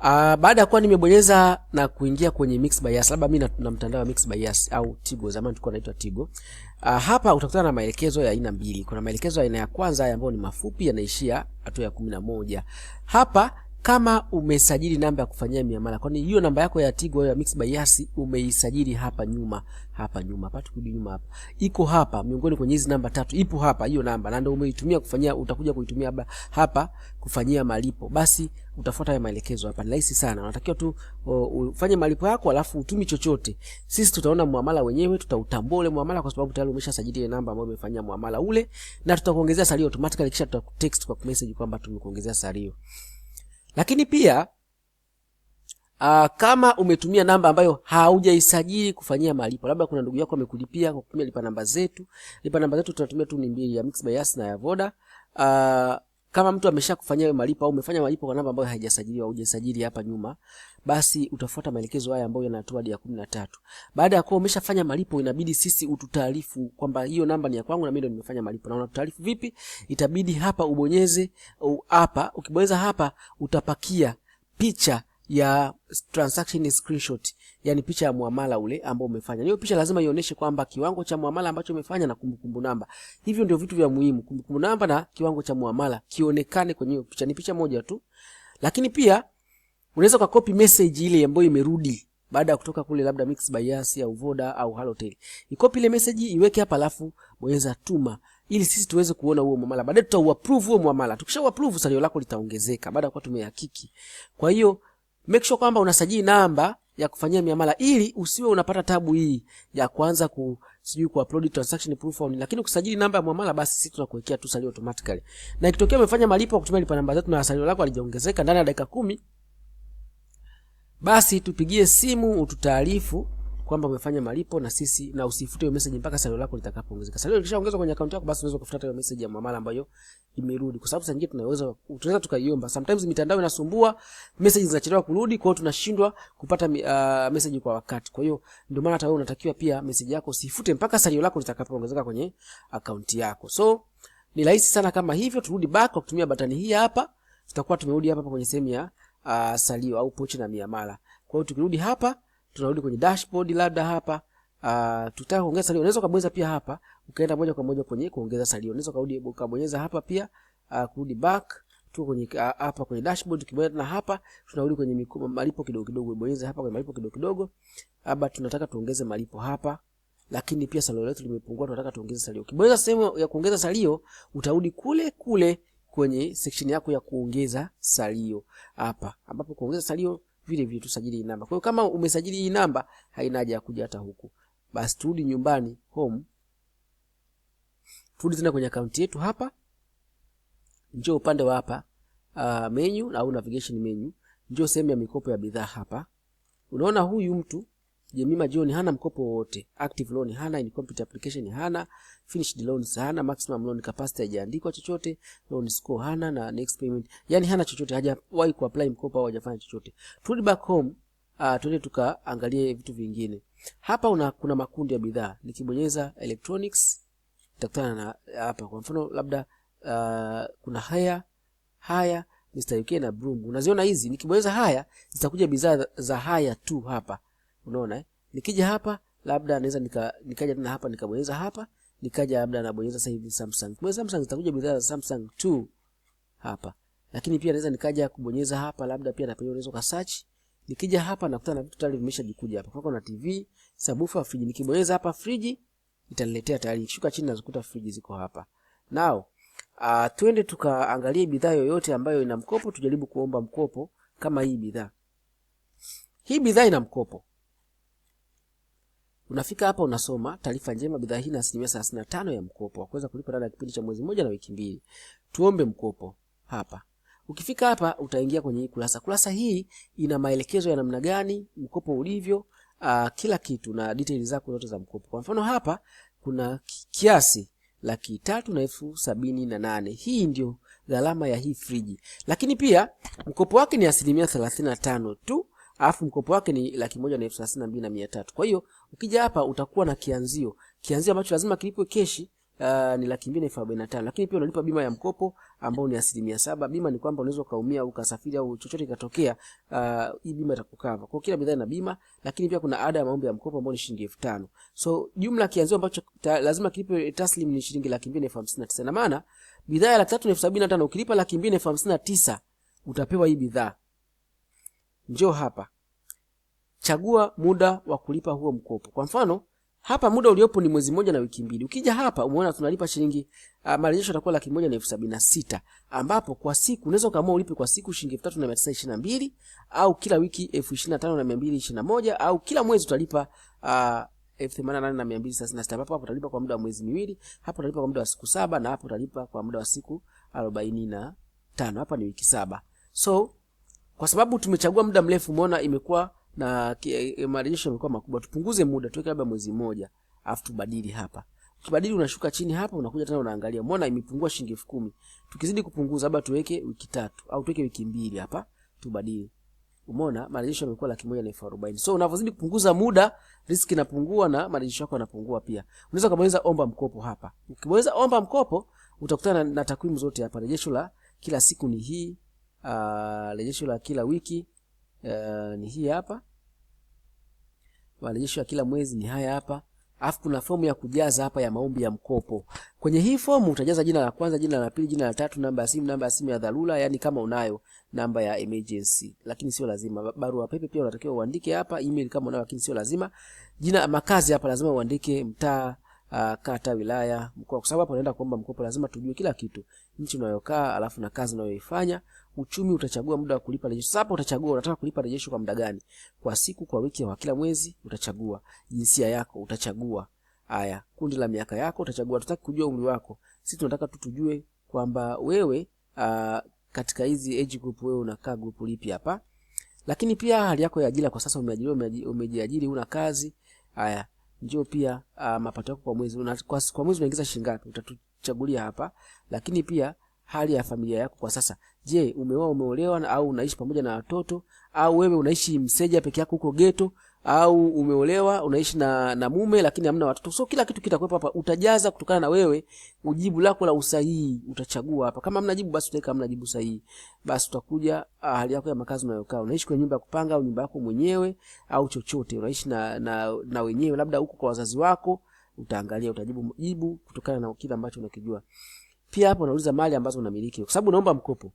Uh, baada ya kuwa nimebonyeza na kuingia kwenye Mix Bias, labda mimi na mtandao wa Mix Bias au Tigo, zamani tulikuwa naitwa Tigo. Uh, hapa utakutana na maelekezo ya aina mbili. Kuna maelekezo ya aina ya kwanza ambayo ni mafupi yanaishia hatua ya 11. Hapa kama umesajili namba ya kufanyia miamala, kwani hiyo namba yako ya Tigo ya Mixx by Yas umeisajili hapa nyuma, hapa nyuma, hapa tukirudi nyuma hapa, iko hapa miongoni kwenye hizi namba tatu, ipo hapa hiyo namba, na ndio umeitumia kufanyia, utakuja kuitumia hapa, hapa kufanyia malipo, basi utafuata haya maelekezo hapa. Ni rahisi sana, unatakiwa tu ufanye malipo yako, alafu utumi chochote. Sisi tutaona muamala wenyewe, tutautambua ule muamala, kwa sababu tayari umeshasajili ile namba ambayo umefanyia muamala ule, na tutakuongezea salio automatically, kisha tutakutext kwa message kwamba tumekuongezea salio. Lakini pia uh, kama umetumia namba ambayo haujaisajili kufanyia malipo, labda kuna ndugu yako amekulipia kwa kutumia lipa namba zetu. Lipa namba zetu tunatumia tu ni mbili, ya Mixx by Yas na ya Voda. Uh, kama mtu ameshakufanyia wewe malipo au umefanya malipo kwa namba ambayo haijasajiliwa, hujasajili hapa nyuma, basi utafuata maelekezo haya ambayo yanatoa hadi ya 13. Baada ya kuwa umeshafanya malipo, inabidi sisi ututaarifu kwamba hiyo namba ni ya kwangu na mimi ndo nimefanya malipo. Na unatutaarifu vipi? Itabidi hapa ubonyeze hapa. Ukibonyeza hapa utapakia picha ya transaction screenshot yani picha ya muamala ule ambao umefanya. Hiyo picha lazima ionyeshe kwamba kiwango cha muamala ambacho umefanya na kumbukumbu namba. Hivyo ndio vitu vya muhimu, kumbukumbu namba na kiwango cha muamala kionekane kwenye hiyo picha. Ni picha moja tu. Lakini pia unaweza kwa copy message ile ambayo imerudi baada ya kutoka kule labda Mix by us au Voda au Halotel. Ikopi ile message iweke hapa alafu bonyeza tuma ili sisi tuweze kuona huo muamala. Baadaye tutau approve huo muamala. Tukisha approve salio lako litaongezeka baada ya kwa tumehakiki. Kwa hiyo make sure kwamba unasajili namba ya kufanyia miamala ili usiwe unapata tabu hii ya kuanza ku sijui ku upload transaction proof only, lakini kusajili namba ya muamala basi sisi tunakuwekea tu salio automatically, na ikitokea umefanya malipo kutumia lipa namba zetu na salio lako alijaongezeka ndani ya dakika kumi, basi tupigie simu ututaarifu kwamba umefanya malipo na sisi, na usifute hiyo message mpaka salio lako litakapoongezeka. Salio likishaongezwa kwenye akaunti yako, basi unaweza kufuata hiyo message ya muamala ambayo imerudi, kwa sababu sasa tunaweza tunaweza tukaiomba. Sometimes mitandao inasumbua, message zinachelewa kurudi, kwa hiyo tunashindwa kupata uh, message kwa wakati. Kwa hiyo ndio maana hata wewe unatakiwa pia message yako usifute mpaka salio lako litakapoongezeka kwenye akaunti yako. So ni rahisi sana kama hivyo. Turudi back kwa kutumia batani hii hapa, tutakuwa tumerudi hapa kwenye sehemu ya uh, salio au pochi na miamala. Kwa hiyo tukirudi hapa tunarudi kwenye dashboard labda hapa uh, ah, tutaka kuongeza salio, unaweza kubonyeza pia hapa ukaenda moja kwa moja kwenye kuongeza salio. Unaweza kurudi ukabonyeza hapa pia uh, kurudi back tu kwenye uh, hapa kwenye dashboard kibonyeza na hapa tunarudi kwenye mikuba, malipo kidogo kidogo, bonyeza hapa kwenye malipo kidogo kidogo, labda tunataka tuongeze malipo hapa lakini pia salio letu limepungua, tunataka tuongeze salio. Ukibonyeza sehemu ya kuongeza salio, utarudi kule kule kwenye section yako ya kuongeza salio hapa, ambapo kuongeza salio vile vile tusajili namba. Kwa hiyo kama umesajili hii namba haina haja ya kuja hata huku. Basi turudi nyumbani home. Turudi tena kwenye akaunti yetu hapa. Njoo upande wa hapa uh, menu au navigation menu. Njoo sehemu ya mikopo ya bidhaa hapa. Unaona huyu mtu Jemima John hana mkopo wowote, active loan hana, incomplete application hana, finished loans hana, maximum loan capacity haijaandikwa chochote, loan score hana na next payment. Yani hana chochote, hajawahi kuapply mkopo au hajafanya chochote. Turudi back home, uh, ah, tuende tukaangalie vitu vingine. Hapa una, kuna makundi ya bidhaa. Nikibonyeza electronics nitakutana na hapa, kwa mfano labda uh, kuna haya haya Mr. UK na Broom. Unaziona hizi, nikibonyeza haya zitakuja bidhaa za haya tu hapa Unaona eh? Nikija hapa labda naweza nika, nikaja tena hapa nikabonyeza hapa, nikaja labda nabonyeza sasa hivi Samsung. Kwa Samsung zitakuja bidhaa za Samsung tu hapa. Lakini pia naweza nikaja kubonyeza hapa labda pia napenda unaweza ka search. Nikija hapa nakutana na vitu tayari vimeshajikuja hapa. Kwa kuna TV, sabufa, friji. Nikibonyeza hapa friji italetea tayari. Shuka chini nazikuta friji ziko hapa. Now, uh, twende tukaangalie bidhaa yoyote ambayo ina mkopo, tujaribu kuomba mkopo kama hii bidhaa. Hii bidhaa ina mkopo. Unafika hapa unasoma taarifa njema, bidhaa hii na asilimia thelathini na tano ya mkopo wa kuweza kulipa ndani ya kipindi cha mwezi mmoja na wiki mbili. Tuombe mkopo hapa. Ukifika hapa utaingia kwenye hii kurasa. Kurasa hii ina maelekezo ya namna gani mkopo ulivyo, uh, kila kitu na details zako zote za mkopo. Kwa mfano hapa kuna kiasi laki tatu na elfu sabini na nane. Hii ndio gharama ya hii friji, lakini pia mkopo wake ni asilimia thelathini na tano tu alafu mkopo wake ni laki moja na elfu thelathini na mbili na mia tatu. Kwa hiyo ukija hapa utakuwa na kianzio, kianzio ambacho lazima kilipwe keshi Uh, ni laki mbili na elfu arobaini na tano lakini pia unalipa bima ya mkopo ambao ni asilimia saba. Bima ni kwamba unaweza ukaumia au ukasafiri au chochote kikatokea, uh, hii bima itakukava kwa kila bidhaa na bima, lakini pia kuna ada ya maombi ya mkopo ambao ni shilingi elfu tano. So jumla kianzio ambacho ta, lazima kilipe taslim ni shilingi laki mbili na elfu hamsini na tisa. Na maana bidhaa ya laki tatu na elfu sabini na tano ukilipa laki mbili na elfu hamsini na tisa utapewa hii bidhaa njoo hapa, chagua muda wa kulipa huo mkopo. Kwa mfano hapa muda uliopo ni mwezi mmoja na wiki mbili. Ukija hapa umeona tunalipa shilingi uh, marejesho yatakuwa laki moja na elfu sabini na sita ambapo kwa siku unaweza ukaamua ulipe kwa siku shilingi elfu tatu na mia tisa ishirini na mbili au kila wiki elfu ishirini na tano na mia mbili ishirini na moja au kila mwezi utalipa uh, elfu themanini na nane na mia mbili thelathini na sita ambapo hapo utalipa kwa muda wa mwezi miwili, hapo utalipa kwa muda wa siku saba na hapo utalipa kwa muda wa siku arobaini na tano. Hapa ni wiki saba so kwa sababu tumechagua muda mrefu, umeona imekuwa na e, marejesho yamekuwa makubwa, tupunguze muda, tuweke labda mwezi mmoja, alafu tubadili hapa. Ukibadili unashuka chini hapa, unakuja tena unaangalia, umeona imepungua shilingi elfu kumi. Tukizidi kupunguza, labda tuweke wiki tatu au tuweke wiki mbili hapa, tubadili. Umeona marejesho yamekuwa laki moja na elfu arobaini. So unavyozidi kupunguza muda, riski inapungua na marejesho yako yanapungua pia. Unaweza ukabonyeza omba mkopo hapa. Ukibonyeza omba mkopo utakutana na, na takwimu zote hapa. Rejesho la kila siku ni hii Ah, rejesho la kila wiki uh, ni hii hapa. Marejesho ya kila mwezi ni haya hapa. Alafu kuna fomu ya kujaza hapa ya maombi ya mkopo. Kwenye hii fomu utajaza jina la kwanza, jina la pili, jina la tatu, namba ya simu, namba ya simu ya dharura, yani kama unayo namba ya emergency, lakini sio lazima. Barua pepe pia unatakiwa uandike hapa, email kama unayo, lakini sio lazima. Jina makazi hapa lazima uandike mtaa uh, kata, wilaya, mkoa, kwa sababu hapo naenda kuomba mkopo, lazima tujue kila kitu, nchi unayokaa, alafu na kazi unayoifanya, uchumi, utachagua muda wa kulipa rejesho. Sasa hapo utachagua unataka kulipa rejesho kwa muda gani, kwa siku, kwa wiki, kwa kila mwezi, utachagua jinsia yako, utachagua haya kundi la miaka yako, utachagua. Tutaki kujua umri wako, sisi tunataka tu tujue kwamba wewe uh, katika hizi age group wewe unakaa group lipi hapa, lakini pia hali yako ya ajira kwa sasa, umeajiriwa, umejiajiri, una kazi haya ndio pia uh, mapato yako kwa mwezi una, kwa, kwa mwezi unaingiza shilingi ngapi, utatuchagulia hapa, lakini pia hali ya familia yako kwa sasa. Je, umeoa umeolewa, au unaishi pamoja na watoto, au wewe unaishi mseja peke yako huko geto, au umeolewa unaishi na, na mume lakini hamna watoto. So kila kitu kitakuwepo hapa, utajaza kutokana na wewe ujibu lako la usahihi, utachagua hapa. Kama hamna jibu, basi utaweka hamna jibu sahihi, basi utakuja ah, hali yako ya makazi unayokaa, unaishi kwenye nyumba ya kupanga au nyumba yako mwenyewe au chochote, unaishi na, na, na wenyewe, labda huko kwa wazazi wako, utaangalia utajibu jibu kutokana na kile ambacho unakijua. Pia hapo unauliza mali ambazo unamiliki, kwa sababu unaomba mkopo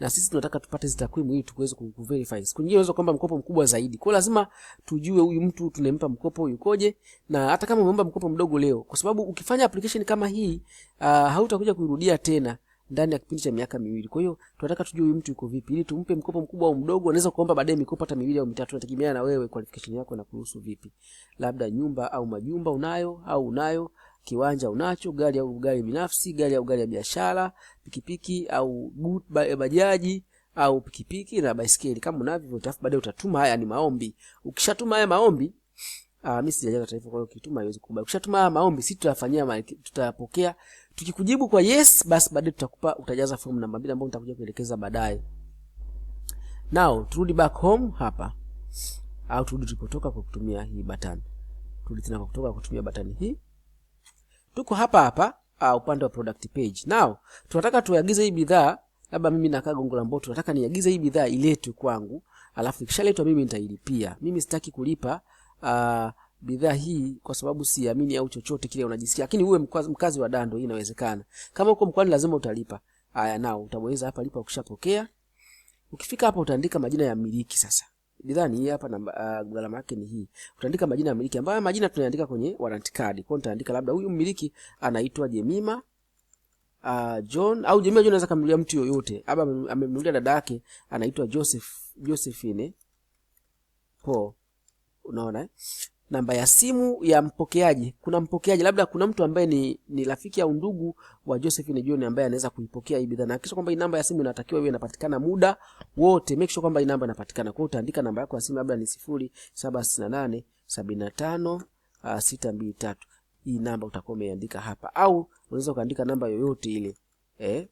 na sisi tunataka tupate hizo takwimu ili tuweze kuverify. Siku nyingine unaweza kwamba mkopo mkubwa zaidi. Kwa lazima tujue huyu mtu tunempa mkopo yukoje, na hata kama umeomba mkopo mdogo leo, kwa sababu ukifanya application kama hii uh, hautakuja kuirudia tena ndani ya kipindi cha miaka miwili. Kwa hiyo tunataka tujue huyu mtu yuko vipi ili tumpe mkopo mkubwa au mdogo. Anaweza kuomba baadaye mikopo hata miwili au mitatu, inategemeana na wewe, qualification yako na kuruhusu vipi, labda nyumba au majumba unayo au unayo Kiwanja unacho, gari au gari binafsi, gari au gari ya biashara, pikipiki au eh, bajaji au pikipiki na baisikeli, kama unavyo vyote, afu baadaye utatuma. Haya ni maombi. Ukishatuma haya maombi Ah, mimi sijajenga taarifa kwa hiyo kituma haiwezi kukubali. Ukishatuma haya maombi sisi tutayafanyia tutayapokea. Tukikujibu kwa yes, basi baadaye tutakupa utajaza fomu namba mbili ambayo nitakuja kuelekeza baadaye. Now turudi back home hapa. Au turudi tulipotoka kwa kutumia hii button. Turudi tena kwa kutoka kwa kutumia button hii tuko hapa hapa uh, upande wa product page. Now tunataka tuagize hii bidhaa, labda mimi na Kagongo la Mboto, nataka niagize hii bidhaa iletwe kwangu, alafu ikishaletwa mimi nitailipia. Mimi sitaki kulipa uh, bidhaa hii kwa sababu siamini au chochote kile unajisikia, lakini uwe mkazi wa Dando, hii inawezekana. Kama uko mkoani lazima utalipa. Haya, nao utabonyeza hapa lipa ukishapokea. Ukifika hapa utaandika majina ya mmiliki sasa bidhaa ni hii hapa na uh, ah, gharama yake ni hii. Utaandika majina ya mmiliki ambayo majina tunaandika kwenye warranty card. Kwa nitaandika labda huyu mmiliki anaitwa Jemima uh, John au Jemima John anaweza kumlia mtu yoyote. Labda amemnulia dada yake anaitwa Joseph Josephine. Po. Unaona eh? namba ya simu ya mpokeaji. Kuna mpokeaji, labda kuna mtu ambaye ni, ni rafiki au ndugu wa Josephine John ambaye anaweza kuipokea hii bidhaa, na hakikisha kwamba hii namba ya simu inatakiwa iwe inapatikana muda wote. Make sure kwamba hii namba inapatikana. Kwa utaandika namba yako ya simu, labda ni 0768 75 623. Hii namba utakuwa umeandika hapa, au unaweza ukaandika namba yoyote ile eh,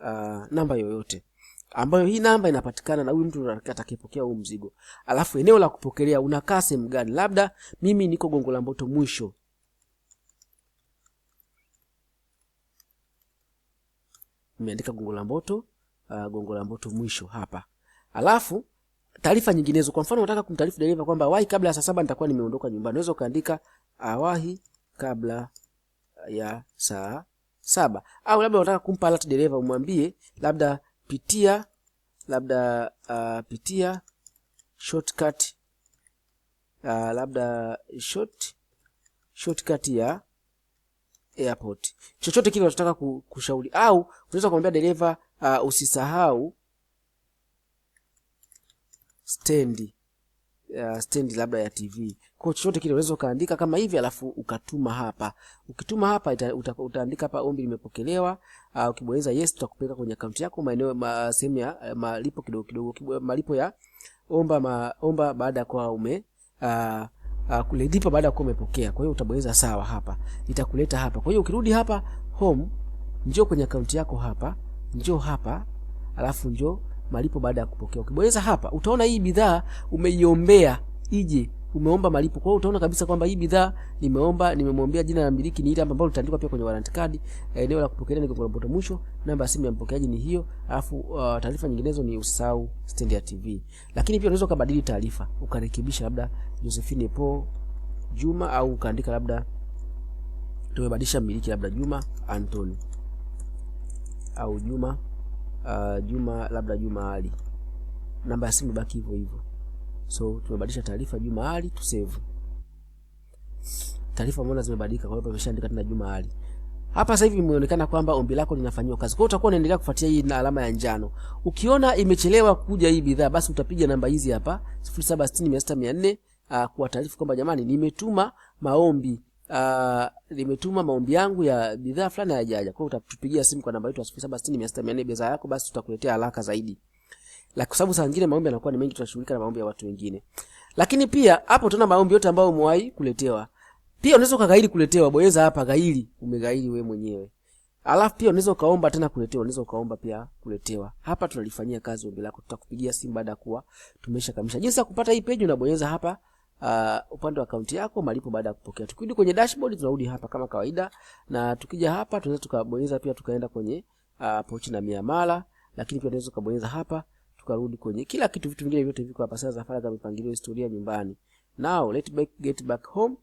uh, namba yoyote ambayo hii namba inapatikana na huyu mtu atakayepokea huu mzigo. Alafu eneo la kupokelea unakaa sehemu gani? Labda mimi niko Gongo la Mboto mwisho. Nimeandika Gongo la Mboto, uh, Gongo la Mboto mwisho hapa. Alafu taarifa nyinginezo, kwa mfano unataka kumtaarifu dereva kwamba wahi kabla ya saa saba nitakuwa nimeondoka nyumbani. Unaweza ukaandika awahi uh, kabla uh, ya saa saba, au labda unataka kumpa alert dereva, umwambie labda pitia labda uh, pitia shortcut uh, labda short shortcut ya airport, chochote kile unachotaka kushauri, au unaweza kumwambia dereva uh, usisahau stendi Eh, stendi labda ya TV. Kwa chochote kile unaweza ukaandika kama hivi alafu ukatuma hapa. Ukituma hapa ita, uta, utaandika hapa ombi limepokelewa. Uh, ukibonyeza yes tutakupeleka kwenye akaunti yako maeneo ma, sehemu ya eh, malipo kidogo kidogo malipo ya omba ma, omba baada ya kwa ume uh, ah, Uh, ah, kulilipa baada ya kuwa umepokea. Kwa hiyo utabonyeza sawa hapa, itakuleta hapa. Kwa hiyo ukirudi hapa home, njoo kwenye akaunti yako hapa, njoo hapa, alafu njoo malipo baada ya kupokea. Ukibonyeza hapa utaona hii bidhaa umeiombea ije, umeomba malipo. Kwa hiyo utaona kabisa kwamba hii bidhaa nimeomba, nimemwombea, jina la mmiliki ni ile ambayo litaandikwa pia kwenye warranty card, eh, eneo la kupokea ni kwa mboto mwisho, namba ya simu ya mpokeaji ni hiyo, alafu uh, taarifa nyinginezo ni usau stand ya TV. Lakini pia unaweza kubadili taarifa, ukarekebisha labda Josephine Po Juma au ukaandika labda tumebadilisha mmiliki labda Juma Anthony au Juma uh, Juma labda Juma Ali, namba ya simu baki hivyo hivyo. So tumebadilisha taarifa Juma Ali tu save taarifa, mbona zimebadilika? Kwa hiyo tumeshaandika tena Juma Ali hapa. Sasa hivi imeonekana kwamba ombi lako linafanywa kazi, kwa hiyo utakuwa unaendelea kufuatia hii na alama ya njano. Ukiona imechelewa kuja hii bidhaa, basi utapiga namba hizi hapa 0760 600 400 uh, kuwataarifu kwamba jamani, nimetuma maombi limetuma uh, maombi yangu ya bidhaa fulani hayajaja. Kwa hiyo utatupigia simu kwa namba yetu ya 0760600400 bidhaa yako, basi tutakuletea haraka zaidi. La kwa sababu saa nyingine maombi yanakuwa ni mengi, tunashughulika na maombi ya watu wengine. Lakini pia hapo tuna maombi yote ambayo umewahi kuletewa. Pia unaweza ukagairi kuletewa, bonyeza hapa gaili, umegaili wewe mwenyewe. Alafu pia unaweza ukaomba tena kuletewa, unaweza ukaomba pia kuletewa. Hapa tunalifanyia kazi ombi lako, tutakupigia simu baada ya kuwa tumeshakamilisha. Jinsi ya kupata hii peji unabonyeza hapa uh, upande wa akaunti yako malipo baada ya kupokea. Tukirudi kwenye dashboard, tunarudi hapa kama kawaida, na tukija hapa tunaweza tukabonyeza pia tukaenda kwenye uh, pochi na miamala, lakini pia tunaweza kubonyeza hapa tukarudi kwenye kila kitu, vitu vingine vyote viko hapa. Sasa safari za mipangilio, historia, nyumbani. Now let back get back home.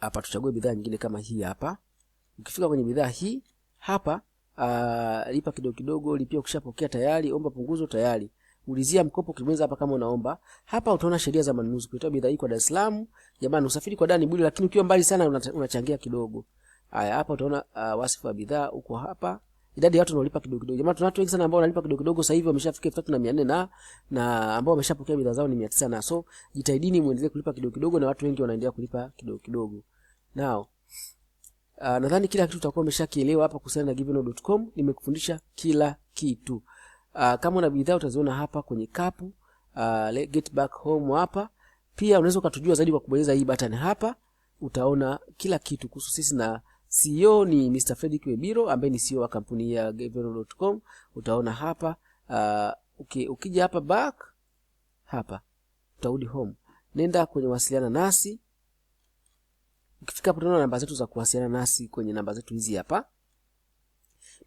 Hapa tuchague bidhaa nyingine kama hii hapa. Ukifika kwenye bidhaa hii hapa, uh, lipa kidogo kidogo, lipia ukishapokea tayari, omba punguzo tayari ulizia mkopo ukibonyeza hapa kama unaomba. Hapa utaona sheria za manunuzi kutoa bidhaa hii kwa Dar es Salaam. Jamani usafiri kwa ndani bure lakini ukiwa mbali sana unachangia kidogo. Haya hapa utaona uh, wasifu wa bidhaa uko hapa. Idadi ya watu wanaolipa kidogo kidogo. Jamani tuna watu wengi sana ambao wanalipa kidogo kidogo sasa hivi wameshafika 3400 na na na ambao wameshapokea bidhaa zao ni 900 na so jitahidini muendelee kulipa kidogo kidogo na watu wengi wanaendelea kulipa kidogo kidogo. Nao Uh, nadhani kila kitu utakuwa umeshakielewa hapa kuhusiana na givenall.com. Nimekufundisha kila kitu. Uh, kama una bidhaa utaziona hapa kwenye kapu uh, get back home hapa. Pia unaweza ukatujua zaidi kwa kubonyeza hii button hapa, utaona kila kitu kuhusu sisi na CEO ni Mr. Fredrick Webiro ambaye ni CEO wa kampuni ya Gevero.com. Utaona hapa uh, ah, okay, ukija hapa back hapa utarudi home, nenda kwenye wasiliana nasi. Ukifika hapo, tunaona namba zetu za kuwasiliana nasi kwenye namba zetu hizi hapa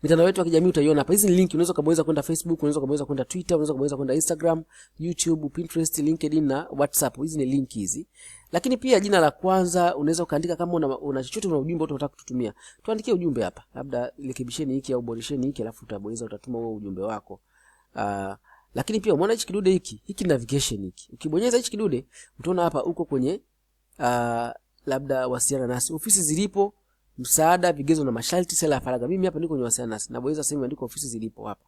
mitandao yetu ya kijamii utaiona hapa. Hizi ni link, unaweza kubonyeza kwenda Facebook, unaweza kubonyeza kwenda Twitter, unaweza kubonyeza kwenda Instagram, YouTube, Pinterest, LinkedIn na WhatsApp. Hizi ni link hizi. Lakini pia jina la kwanza unaweza ukaandika kama una, una chochote una ujumbe unataka kututumia. Tuandikie ujumbe hapa. Labda rekebisheni hiki au boresheni hiki alafu utabonyeza utatuma huo ujumbe wako. Uh, lakini pia umeona hichi kidude hiki, hiki navigation hiki. Ukibonyeza hichi kidude utaona hapa uko kwenye uh, labda wasiliana nasi ofisi zilipo msaada, vigezo na masharti, sera ya faragha. Mimi hapa niko kwenye wasianasi na bonyeza sehemu imeandikwa ofisi zilipo hapa.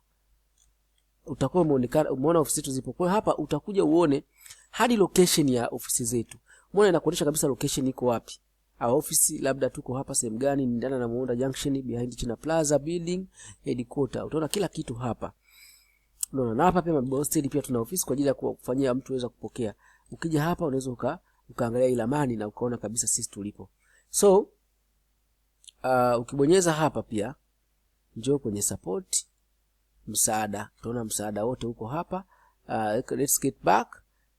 Utakuwa umeonekana umeona ofisi zetu zipo. Kwa hiyo hapa utakuja uone hadi location ya ofisi zetu. Umeona inakuonyesha kabisa location iko wapi. au ah, ofisi labda tuko hapa sehemu gani, ndana na Muhonda Junction behind China Plaza building headquarters. Utaona kila kitu hapa. Unaona na hapa pia mabostel pia tuna ofisi kwa ajili ya kufanyia mtu aweza kupokea. Ukija hapa unaweza uka, ukaangalia ile ramani na ukaona kabisa sisi tulipo. So uh, ukibonyeza hapa pia njoo kwenye support msaada, utaona msaada wote huko hapa. Uh, let's get back,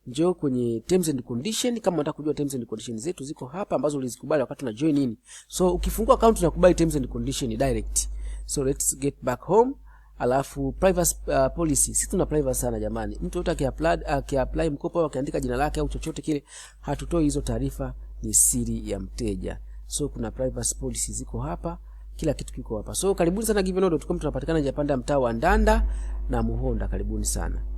njoo kwenye terms and condition. Kama unataka kujua terms and condition zetu ziko hapa, ambazo ulizikubali wakati una join in. So ukifungua account unakubali terms and condition direct. So let's get back home. Alafu privacy uh, policy. Sisi tuna privacy sana jamani. Mtu yote akiapply akiapply mkopo au akiandika jina lake au chochote kile, hatutoi hizo taarifa, ni siri ya mteja. So kuna privacy policy ziko hapa, kila kitu kiko hapa. So karibuni sana Givenall.com, tunapatikana Japanda mtaa wa Ndanda na Muhonda. Karibuni sana.